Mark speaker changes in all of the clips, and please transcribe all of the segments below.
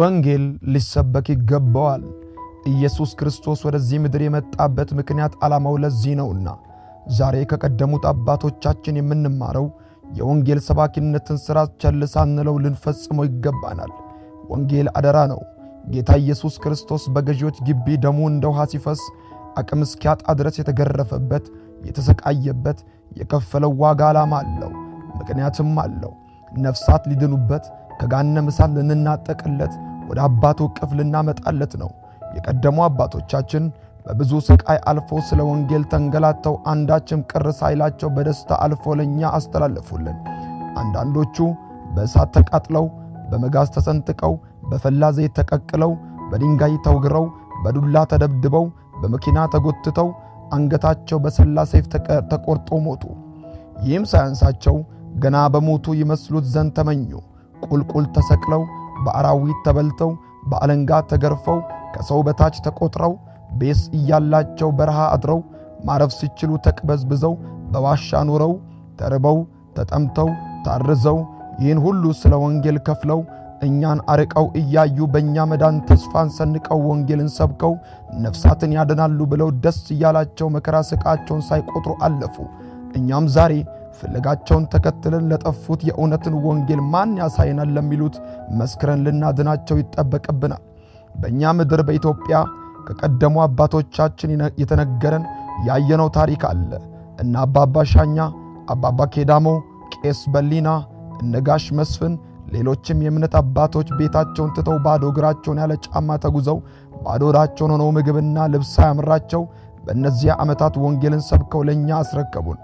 Speaker 1: ወንጌል ሊሰበክ ይገባዋል። ኢየሱስ ክርስቶስ ወደዚህ ምድር የመጣበት ምክንያት ዓላማው ለዚህ ነውና ዛሬ ከቀደሙት አባቶቻችን የምንማረው የወንጌል ሰባኪነትን ሥራ ቸል ሳንለው ልንፈጽመው ይገባናል። ወንጌል አደራ ነው። ጌታ ኢየሱስ ክርስቶስ በገዢዎች ግቢ ደሙ እንደ ውሃ ሲፈስ አቅም እስኪያጣ ድረስ የተገረፈበት፣ የተሰቃየበት፣ የከፈለው ዋጋ ዓላማ አለው፣ ምክንያትም አለው። ነፍሳት ሊድኑበት፣ ከጋነ ምሳት ልንናጠቅለት ወደ አባቱ እቅፍ ልናመጣለት ነው። የቀደሙ አባቶቻችን በብዙ ስቃይ አልፎ ስለ ወንጌል ተንገላተው አንዳችም ቅር ሳይላቸው በደስታ አልፎ ለእኛ አስተላለፉልን። አንዳንዶቹ በእሳት ተቃጥለው፣ በመጋዝ ተሰንጥቀው፣ በፈላ ዘይት ተቀቅለው፣ በድንጋይ ተውግረው፣ በዱላ ተደብድበው፣ በመኪና ተጎትተው አንገታቸው በሰላ ሰይፍ ተቆርጦ ሞቱ። ይህም ሳያንሳቸው ገና በሞቱ ይመስሉት ዘንድ ተመኙ። ቁልቁል ተሰቅለው በአራዊት ተበልተው በአለንጋ ተገርፈው ከሰው በታች ተቆጥረው ቤስ እያላቸው በረሃ አድረው ማረፍ ሲችሉ ተቅበዝብዘው በዋሻ ኖረው ተርበው ተጠምተው ታርዘው ይህን ሁሉ ስለ ወንጌል ከፍለው እኛን አርቀው እያዩ በእኛ መዳን ተስፋን ሰንቀው ወንጌልን ሰብከው ነፍሳትን ያድናሉ ብለው ደስ እያላቸው መከራ ስቃቸውን ሳይቆጥሩ አለፉ። እኛም ዛሬ ፍለጋቸውን ተከትለን ለጠፉት የእውነትን ወንጌል ማን ያሳይናል ለሚሉት መስክረን ልናድናቸው ይጠበቅብናል። በእኛ ምድር በኢትዮጵያ ከቀደሙ አባቶቻችን የተነገረን ያየነው ታሪክ አለ። እና አባባ ሻኛ፣ አባባ ኬዳሞ፣ ቄስ በሊና፣ እነጋሽ መስፍን ሌሎችም የእምነት አባቶች ቤታቸውን ትተው ባዶ እግራቸውን ያለ ጫማ ተጉዘው ባዶ ሆዳቸውን ሆነው ምግብና ልብስ ሳያምራቸው በእነዚያ ዓመታት ወንጌልን ሰብከው ለእኛ አስረከቡን።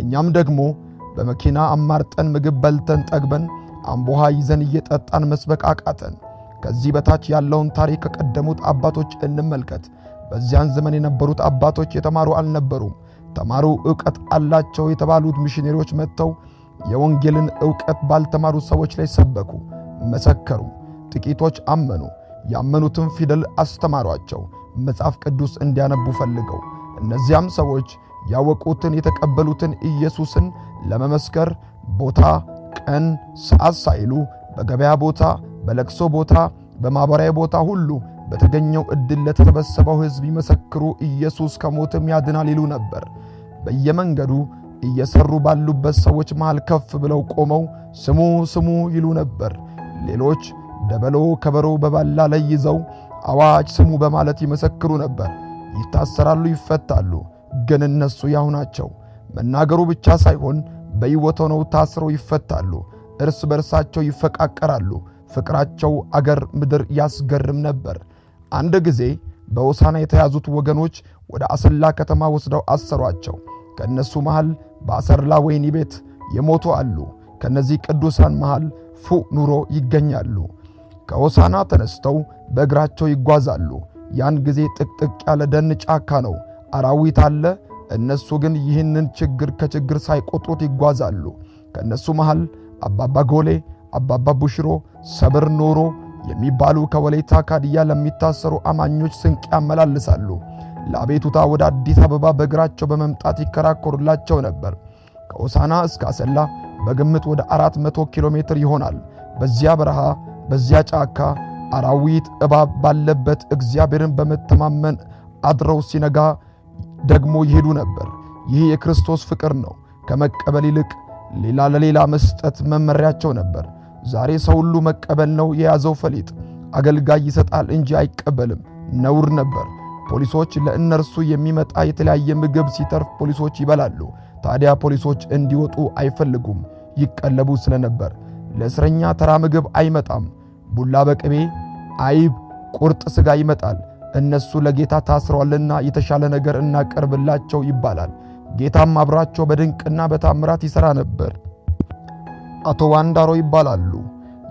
Speaker 1: እኛም ደግሞ በመኪና አማርጠን ምግብ በልተን ጠግበን አምቦሃ ይዘን እየጠጣን መስበክ አቃተን። ከዚህ በታች ያለውን ታሪክ ከቀደሙት አባቶች እንመልከት። በዚያን ዘመን የነበሩት አባቶች የተማሩ አልነበሩም። ተማሩ ዕውቀት አላቸው የተባሉት ሚሽነሪዎች መጥተው የወንጌልን ዕውቀት ባልተማሩ ሰዎች ላይ ሰበኩ፣ መሰከሩ። ጥቂቶች አመኑ። ያመኑትን ፊደል አስተማሯቸው፣ መጽሐፍ ቅዱስ እንዲያነቡ ፈልገው እነዚያም ሰዎች ያወቁትን የተቀበሉትን ኢየሱስን ለመመስከር ቦታ፣ ቀን፣ ሰዓት ሳይሉ በገበያ ቦታ፣ በለቅሶ ቦታ፣ በማኅበራዊ ቦታ ሁሉ በተገኘው ዕድል ለተሰበሰበው ሕዝብ ይመሰክሩ፣ ኢየሱስ ከሞትም ያድናል ይሉ ነበር። በየመንገዱ እየሰሩ ባሉበት ሰዎች መሃል ከፍ ብለው ቆመው ስሙ ስሙ ይሉ ነበር። ሌሎች ደበሎ፣ ከበሮ በባላ ላይ ይዘው አዋጅ ስሙ በማለት ይመሰክሩ ነበር። ይታሰራሉ፣ ይፈታሉ። ግን እነሱ ያው ናቸው። መናገሩ ብቻ ሳይሆን በሕይወት ሆነው ታስረው ይፈታሉ። እርስ በርሳቸው ይፈቃቀራሉ። ፍቅራቸው አገር ምድር ያስገርም ነበር። አንድ ጊዜ በሆሳና የተያዙት ወገኖች ወደ አሰላ ከተማ ወስደው አሰሯቸው። ከእነሱ መሃል በአሰርላ ወይኒ ቤት የሞቱ አሉ። ከነዚህ ቅዱሳን መሃል ፉ ኑሮ ይገኛሉ። ከሆሳና ተነስተው በእግራቸው ይጓዛሉ። ያን ጊዜ ጥቅጥቅ ያለ ደን ጫካ ነው። አራዊት አለ። እነሱ ግን ይህንን ችግር ከችግር ሳይቆጥሩት ይጓዛሉ። ከእነሱ መሃል አባባ ጎሌ፣ አባባ ቡሽሮ፣ ሰብር ኖሮ የሚባሉ ከወላይታ ካድያ ለሚታሰሩ አማኞች ስንቅ ያመላልሳሉ። ለአቤቱታ ወደ አዲስ አበባ በእግራቸው በመምጣት ይከራከሩላቸው ነበር። ከሆሳና እስከ አሰላ በግምት ወደ 400 ኪሎ ሜትር ይሆናል። በዚያ በረሃ፣ በዚያ ጫካ አራዊት፣ እባብ ባለበት እግዚአብሔርን በመተማመን አድረው ሲነጋ ደግሞ ይሄዱ ነበር። ይህ የክርስቶስ ፍቅር ነው። ከመቀበል ይልቅ ሌላ ለሌላ መስጠት መመሪያቸው ነበር። ዛሬ ሰው ሁሉ መቀበል ነው የያዘው ፈሊጥ። አገልጋይ ይሰጣል እንጂ አይቀበልም ነውር ነበር። ፖሊሶች ለእነርሱ የሚመጣ የተለያየ ምግብ ሲተርፍ ፖሊሶች ይበላሉ። ታዲያ ፖሊሶች እንዲወጡ አይፈልጉም፣ ይቀለቡ ስለነበር። ለእስረኛ ተራ ምግብ አይመጣም። ቡላ በቅቤ አይብ፣ ቁርጥ ሥጋ ይመጣል። እነሱ ለጌታ ታስረዋልና የተሻለ ነገር እናቀርብላቸው ይባላል። ጌታም አብራቸው በድንቅና በታምራት ይሠራ ነበር። አቶ ዋንዳሮ ይባላሉ።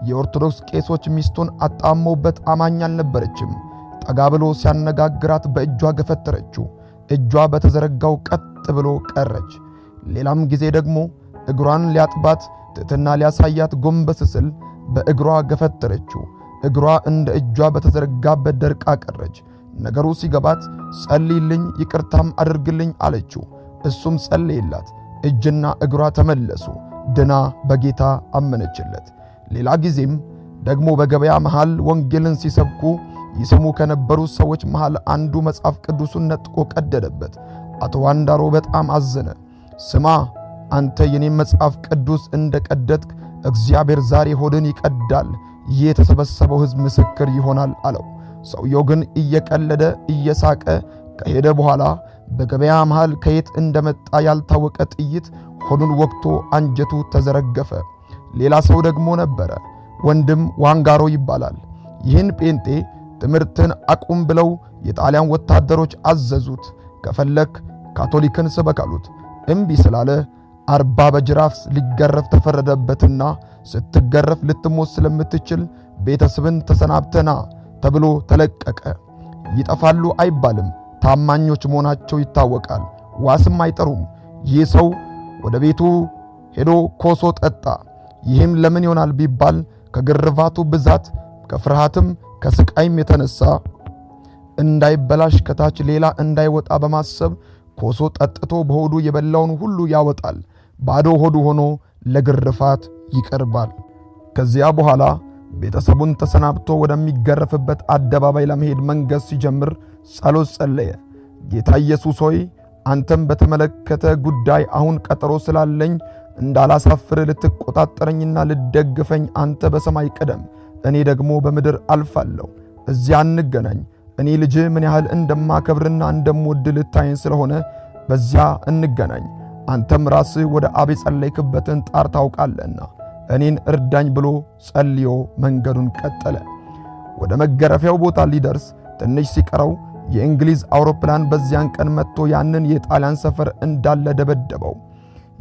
Speaker 1: የኦርቶዶክስ ቄሶች ሚስቱን አጣመውበት አማኝ አልነበረችም። ጠጋ ብሎ ሲያነጋግራት በእጇ ገፈተረችው። እጇ በተዘረጋው ቀጥ ብሎ ቀረች። ሌላም ጊዜ ደግሞ እግሯን ሊያጥባት ትሕትና ሊያሳያት ጎንበስ ስል በእግሯ ገፈተረችው። እግሯ እንደ እጇ በተዘረጋበት ደርቃ ቀረች። ነገሩ ሲገባት ጸልይልኝ፣ ይቅርታም አድርግልኝ አለችው። እሱም ጸልይላት፣ እጅና እግሯ ተመለሱ። ድና በጌታ አመነችለት። ሌላ ጊዜም ደግሞ በገበያ መሃል ወንጌልን ሲሰብኩ ይስሙ ከነበሩት ሰዎች መሃል አንዱ መጽሐፍ ቅዱሱን ነጥቆ ቀደደበት። አቶ ዋንዳሮ በጣም አዘነ። ስማ አንተ የኔን መጽሐፍ ቅዱስ እንደ ቀደድክ እግዚአብሔር ዛሬ ሆድን ይቀዳል፣ ይህ የተሰበሰበው ሕዝብ ምስክር ይሆናል አለው። ሰውየው ግን እየቀለደ እየሳቀ ከሄደ በኋላ በገበያ መሃል ከየት እንደመጣ ያልታወቀ ጥይት ሆዱን ወቅቶ አንጀቱ ተዘረገፈ። ሌላ ሰው ደግሞ ነበረ። ወንድም ዋንጋሮ ይባላል። ይህን ጴንጤ ትምህርትን አቁም ብለው የጣሊያን ወታደሮች አዘዙት። ከፈለክ ካቶሊክን ስበክ አሉት። እምቢ ስላለ አርባ በጅራፍ ሊገረፍ ተፈረደበትና ስትገረፍ ልትሞት ስለምትችል ቤተሰብን ተሰናብተና ተብሎ ተለቀቀ። ይጠፋሉ አይባልም። ታማኞች መሆናቸው ይታወቃል። ዋስም አይጠሩም። ይህ ሰው ወደ ቤቱ ሄዶ ኮሶ ጠጣ። ይህም ለምን ይሆናል ቢባል ከግርፋቱ ብዛት፣ ከፍርሃትም ከስቃይም የተነሳ እንዳይበላሽ ከታች ሌላ እንዳይወጣ በማሰብ ኮሶ ጠጥቶ በሆዱ የበላውን ሁሉ ያወጣል። ባዶ ሆዱ ሆኖ ለግርፋት ይቀርባል። ከዚያ በኋላ ቤተሰቡን ተሰናብቶ ወደሚገረፍበት አደባባይ ለመሄድ መንገድ ሲጀምር ጸሎት ጸለየ። ጌታ ኢየሱስ ሆይ አንተም በተመለከተ ጉዳይ አሁን ቀጠሮ ስላለኝ እንዳላሳፍር ልትቆጣጠረኝና ልደግፈኝ አንተ በሰማይ ቅደም፣ እኔ ደግሞ በምድር አልፋለሁ። እዚያ እንገናኝ። እኔ ልጅ ምን ያህል እንደማከብርና እንደምወድ ልታይን ስለሆነ በዚያ እንገናኝ። አንተም ራስህ ወደ አብ የጸለይክበትን ጣር ታውቃለና እኔን እርዳኝ ብሎ ጸልዮ መንገዱን ቀጠለ። ወደ መገረፊያው ቦታ ሊደርስ ትንሽ ሲቀረው የእንግሊዝ አውሮፕላን በዚያን ቀን መጥቶ ያንን የጣሊያን ሰፈር እንዳለ ደበደበው።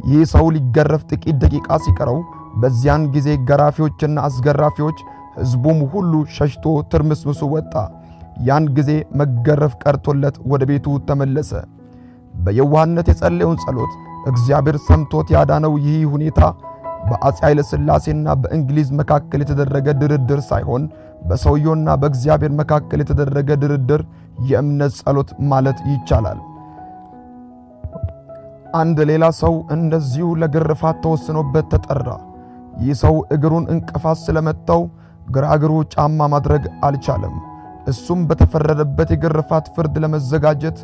Speaker 1: ይህ ሰው ሊገረፍ ጥቂት ደቂቃ ሲቀረው በዚያን ጊዜ ገራፊዎችና አስገራፊዎች፣ ሕዝቡም ሁሉ ሸሽቶ ትርምስምሱ ወጣ። ያን ጊዜ መገረፍ ቀርቶለት ወደ ቤቱ ተመለሰ። በየዋህነት የጸለየውን ጸሎት እግዚአብሔር ሰምቶት ያዳነው ይህ ሁኔታ በአጼ ኃይለ ሥላሴና በእንግሊዝ መካከል የተደረገ ድርድር ሳይሆን በሰውየውና በእግዚአብሔር መካከል የተደረገ ድርድር የእምነት ጸሎት ማለት ይቻላል። አንድ ሌላ ሰው እንደዚሁ ለግርፋት ተወስኖበት ተጠራ። ይህ ሰው እግሩን እንቅፋት ስለመታው ግራ እግሩ ጫማ ማድረግ አልቻለም። እሱም በተፈረደበት የግርፋት ፍርድ ለመዘጋጀት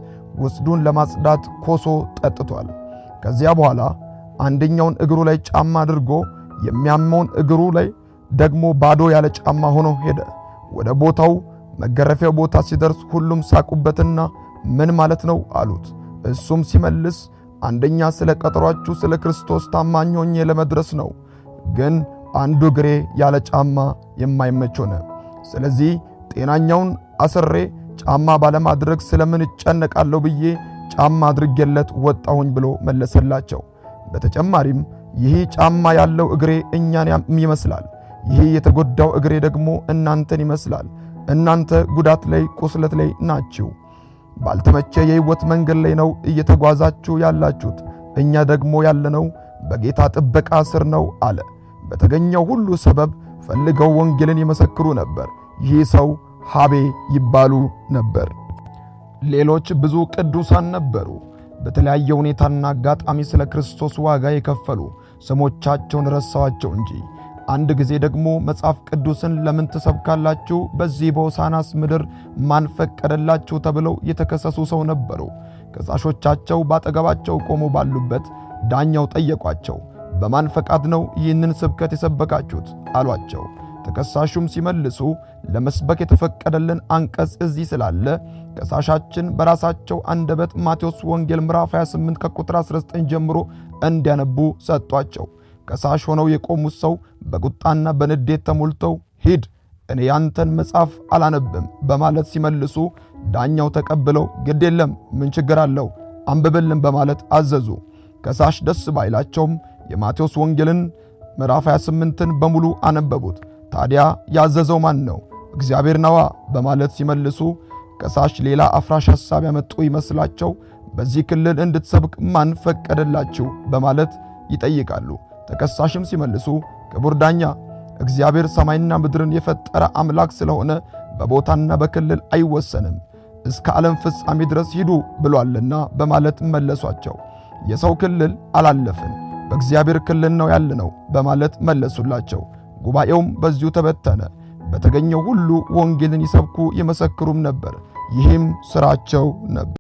Speaker 1: ወስዱን ለማጽዳት ኮሶ ጠጥቷል። ከዚያ በኋላ አንደኛውን እግሩ ላይ ጫማ አድርጎ የሚያመውን እግሩ ላይ ደግሞ ባዶ ያለ ጫማ ሆኖ ሄደ። ወደ ቦታው መገረፊያው ቦታ ሲደርስ ሁሉም ሳቁበትና ምን ማለት ነው አሉት። እሱም ሲመልስ አንደኛ ስለ ቀጠሯችሁ ስለ ክርስቶስ ታማኝ ሆኜ ለመድረስ ነው፣ ግን አንዱ እግሬ ያለ ጫማ የማይመች ሆነ። ስለዚህ ጤናኛውን አስሬ ጫማ ባለማድረግ ስለምን እጨነቃለሁ ብዬ ጫማ አድርጌለት ወጣሁኝ ብሎ መለሰላቸው። በተጨማሪም ይህ ጫማ ያለው እግሬ እኛን ይመስላል፣ ይህ የተጎዳው እግሬ ደግሞ እናንተን ይመስላል። እናንተ ጉዳት ላይ ቁስለት ላይ ናችሁ። ባልተመቸ የሕይወት መንገድ ላይ ነው እየተጓዛችሁ ያላችሁት። እኛ ደግሞ ያለነው በጌታ ጥበቃ ስር ነው አለ። በተገኘው ሁሉ ሰበብ ፈልገው ወንጌልን ይመሰክሩ ነበር። ይህ ሰው ሀቤ ይባሉ ነበር። ሌሎች ብዙ ቅዱሳን ነበሩ። በተለያየ ሁኔታና አጋጣሚ ስለ ክርስቶስ ዋጋ የከፈሉ ስሞቻቸውን ረሳዋቸው እንጂ አንድ ጊዜ ደግሞ መጽሐፍ ቅዱስን ለምን ትሰብካላችሁ? በዚህ በሆሳናስ ምድር ማን ፈቀደላችሁ? ተብለው የተከሰሱ ሰው ነበሩ። ከሳሾቻቸው ባጠገባቸው ቆመው ባሉበት ዳኛው ጠየቋቸው። በማን ፈቃድ ነው ይህንን ስብከት የሰበካችሁት? አሏቸው። ተከሳሹም ሲመልሱ ለመስበክ የተፈቀደልን አንቀጽ እዚህ ስላለ ከሳሻችን በራሳቸው አንደበት ማቴዎስ ወንጌል ምዕራፍ 28 ከቁጥር 19 ጀምሮ እንዲያነቡ ሰጧቸው። ከሳሽ ሆነው የቆሙት ሰው በቁጣና በንዴት ተሞልተው ሂድ እኔ ያንተን መጽሐፍ አላነብም በማለት ሲመልሱ ዳኛው ተቀብለው ግድ የለም ምን ችግር አለው አንብብልን በማለት አዘዙ። ከሳሽ ደስ ባይላቸውም የማቴዎስ ወንጌልን ምዕራፍ 28ን በሙሉ አነበቡት። ታዲያ ያዘዘው ማን ነው? እግዚአብሔር ነዋ በማለት ሲመልሱ ከሳሽ ሌላ አፍራሽ ሐሳብ ያመጡ ይመስላቸው በዚህ ክልል እንድትሰብክ ማን ፈቀደላችሁ? በማለት ይጠይቃሉ። ተከሳሽም ሲመልሱ ክቡር ዳኛ እግዚአብሔር ሰማይና ምድርን የፈጠረ አምላክ ስለሆነ በቦታና በክልል አይወሰንም፣ እስከ ዓለም ፍጻሜ ድረስ ሂዱ ብሏልና በማለት መለሷቸው። የሰው ክልል አላለፍን፣ በእግዚአብሔር ክልል ነው ያለነው በማለት መለሱላቸው። ጉባኤውም በዚሁ ተበተነ። በተገኘው ሁሉ ወንጌልን ይሰብኩ ይመሰክሩም ነበር። ይህም ሥራቸው ነበር።